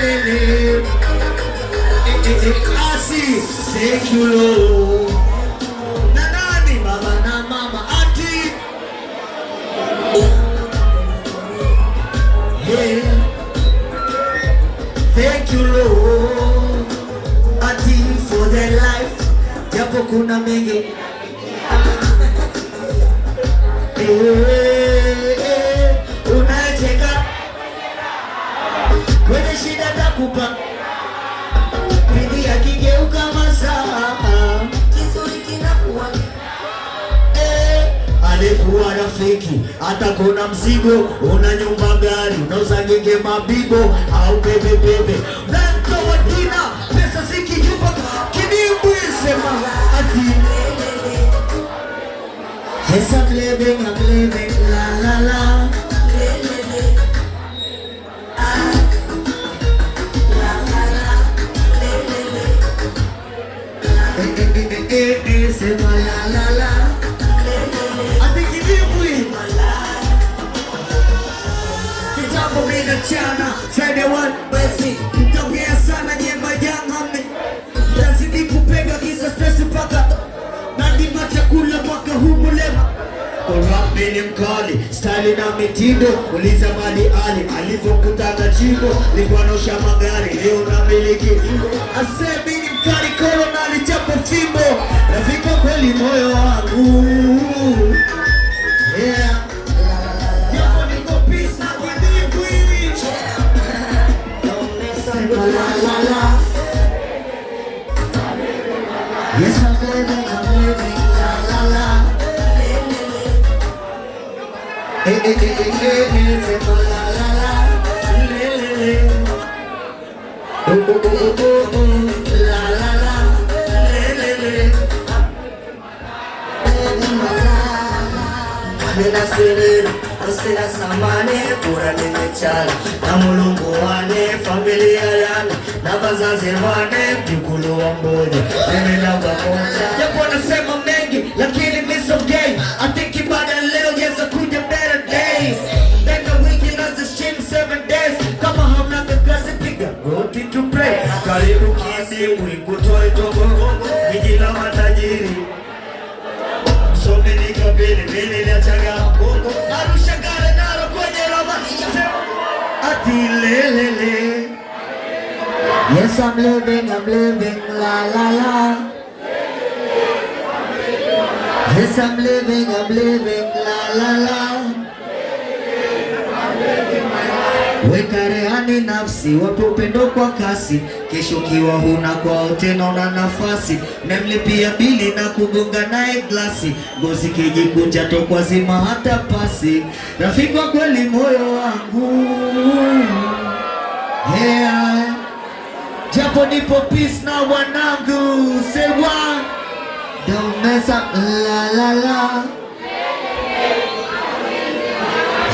Lord. Asi, thank Na nani baba na mama ati kuna mengi hey. nakupa yakigeuka masaa kizuri kinakuwa eh, alikuwa rafiki hata kuna mzigo una nyumba gari unauza genge mabibo au bebe bebe nanto pesa zikijupa kidimbwi sema ati hesa I'm living Sema la la la. Atikidibwi. Kitambo mina chana. Friday one basi. Mtongea sana jemba jamani. Lazidi kupega kisa stress paka. Nadima chakula mwaka huu mulema. ni mkali, style na mitindo, uliza Mali Ali alivyokutana jimbo, likuwa naosha magari, leo namiliki asemi alimkali kolo na alichapa fimbo, rafika kweli moyo wangu yeah. nina selera tosela samane bora nimechala na mulungu wane familia yane na wazazi wane mjukulu wa mmoja nenenda pamoja, japo nasema mengi lakini gay atiki baada leo jeza kuja better days mbeka wiki na nazishin seven days kama hamna kakazi piga go to pray karibu kisiwi Yes, I'm living, I'm living, la la la. Yes, I'm living, I'm living, la la la. Weka rehani nafsi, wapo upendo kwa kasi, kesho kiwa huna kwao tena na nafasi, memlipia bili na kugonga naye glasi, ngozi kijikunja tokwa zima hata pasi, rafiki wa kweli moyo wangu yeah japo nipo peace na wanangu sewa domeza la la la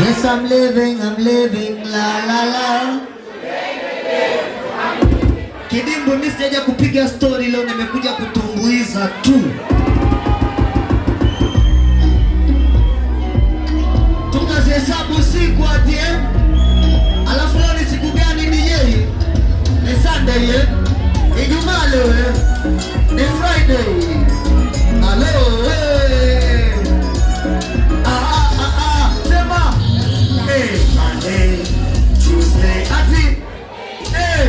Yes I'm living I'm living la la la Kidimbo mimi sijaja kupiga story leo nimekuja kutumbuiza tu Tukazihesabu siku atie eh? Sunday eh? Ijumaa leo eh? Ni Friday. Alo eh. Ah ah ah ah. Sema. Eh, Monday, Tuesday. Ati. Eh.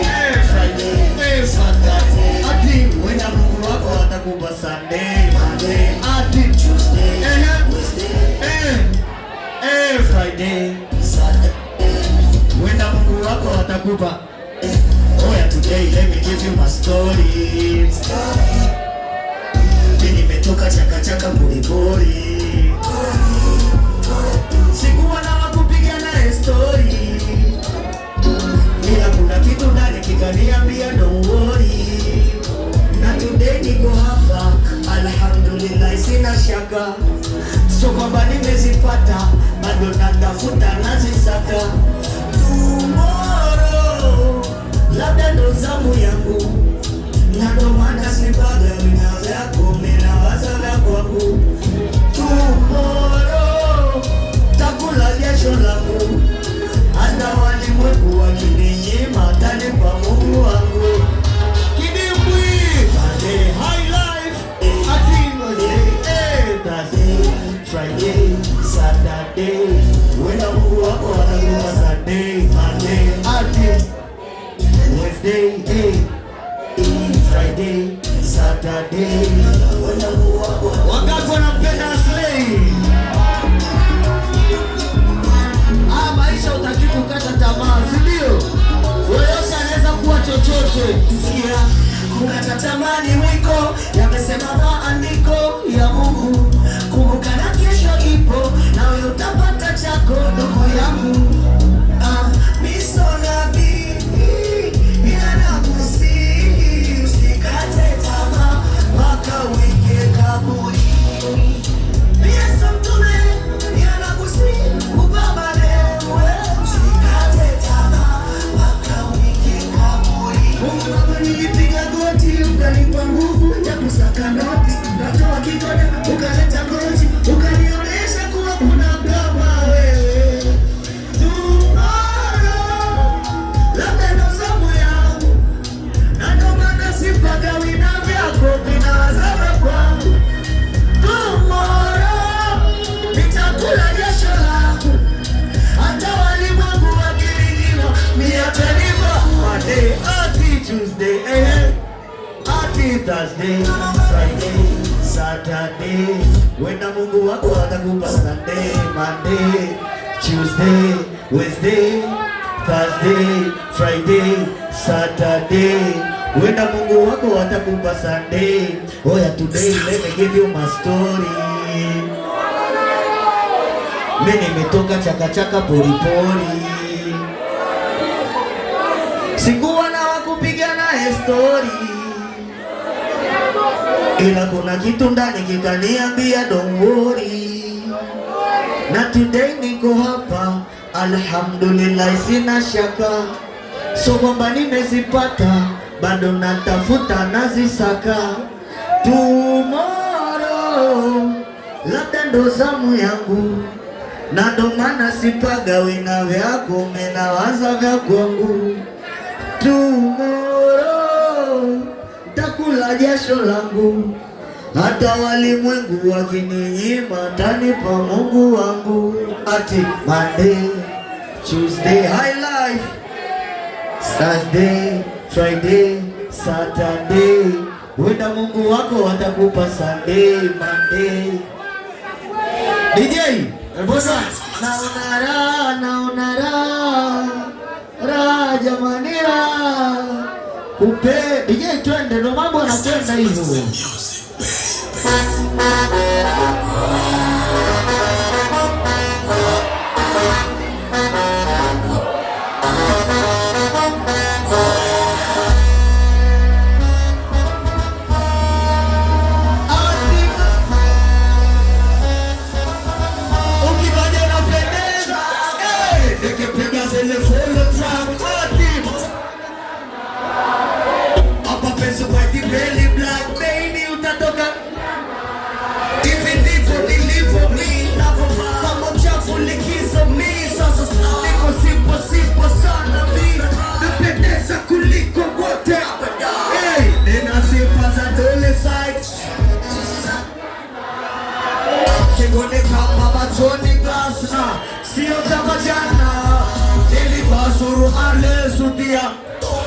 Eh, Friday. Eh, Saturday. Ati wenda Mungu wako atakupa Sunday. Monday. Ati Tuesday. Eh, eh. Wednesday. Eh. Eh, Friday. Saturday. Wenda Mungu wako atakupa give you my story. Mimi nimetoka chaka chaka Buriburi, sikuwa na wakupiga na story, ila kuna kitu ndani kikaniambia don't worry, na today niko hapa alhamdulillah, sina shaka, so kwamba nimezipata, bado natafuta nazisaka tomorrow labda ndo zamu yangu na ndo maana sipaga minao Friday, eh, eh, Friday, Saturday. Wangapi wanampenda Aslay? Ah, maisha utaki kukata tamaa, si ndio? Yeyote anaweza kuwa chochote. Sikia, kukata tamaa ni mwiko, yamesema maandiko ya Mungu. Kumbuka na kesho ipo, nawe utapata chako ndugu yangu. Thursday, Friday, Saturday, wenda Mungu wako atakupa Sunday, Monday, Tuesday, Wednesday, Thursday, Friday, Saturday Wenda Mungu wako atakupa Sunday. Oh yeah, today let me give you my story. Mimi nimetoka pori pori. sikuwa na wakupiga na story ila kuna kitu ndani kikaniambia don't worry, na today niko hapa, alhamdulillah, sina shaka so kwamba nimezipata, bado natafuta nazisaka, tomorrow labda ndo zamu yangu, na ndo maana sipaga wina vyako mena vya kwangu tomorrow chakula jasho langu, hata walimwengu wakininyima, tanipa Mungu wangu. Ati Monday, Tuesday, high life, Saturday, Friday, Saturday, wenda Mungu wako watakupa Sunday, Monday. DJ, Elbosa, naona raha, naona raha, raha jamani raha, kupe DJ twende noma still very moving.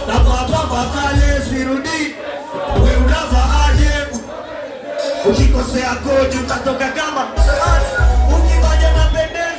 na baba sirudi. Wewe unava aje? Ukikosea goli utatoka kama ukivaja na pendeza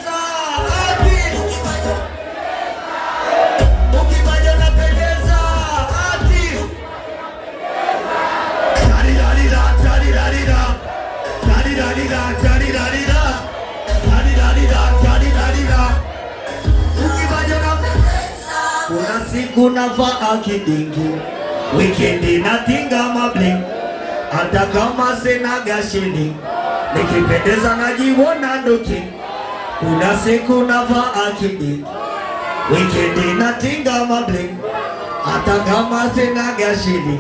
siku navaa kidingi, wikendi natinga mabling, hata kama sina gashini, nikipendeza najiona nduki. Kuna siku navaa kidingi, wikendi natinga mabling, hata kama sina gashini,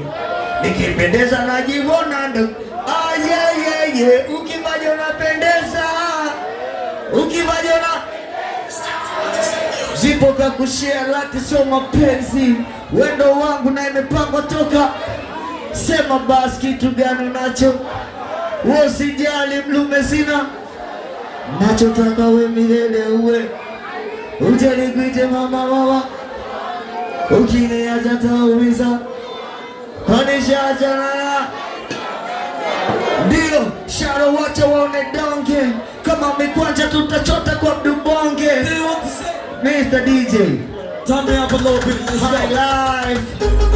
nikipendeza najiona nduki. Ah, yeah, yeah, yeah. unapendeza, Vipo vya kushia laki sio mapenzi, wendo wangu na imepangwa toka. Sema basi kitu gani unacho wewe, sijali mlume sina nachotaka we milele uwe ujanigwite mama wawa ukiniacha taumiza kanishaajanana ndio sharo wacha waone donge kama mikwa Mr. DJ. Turn me up a little bit. Let's go. live.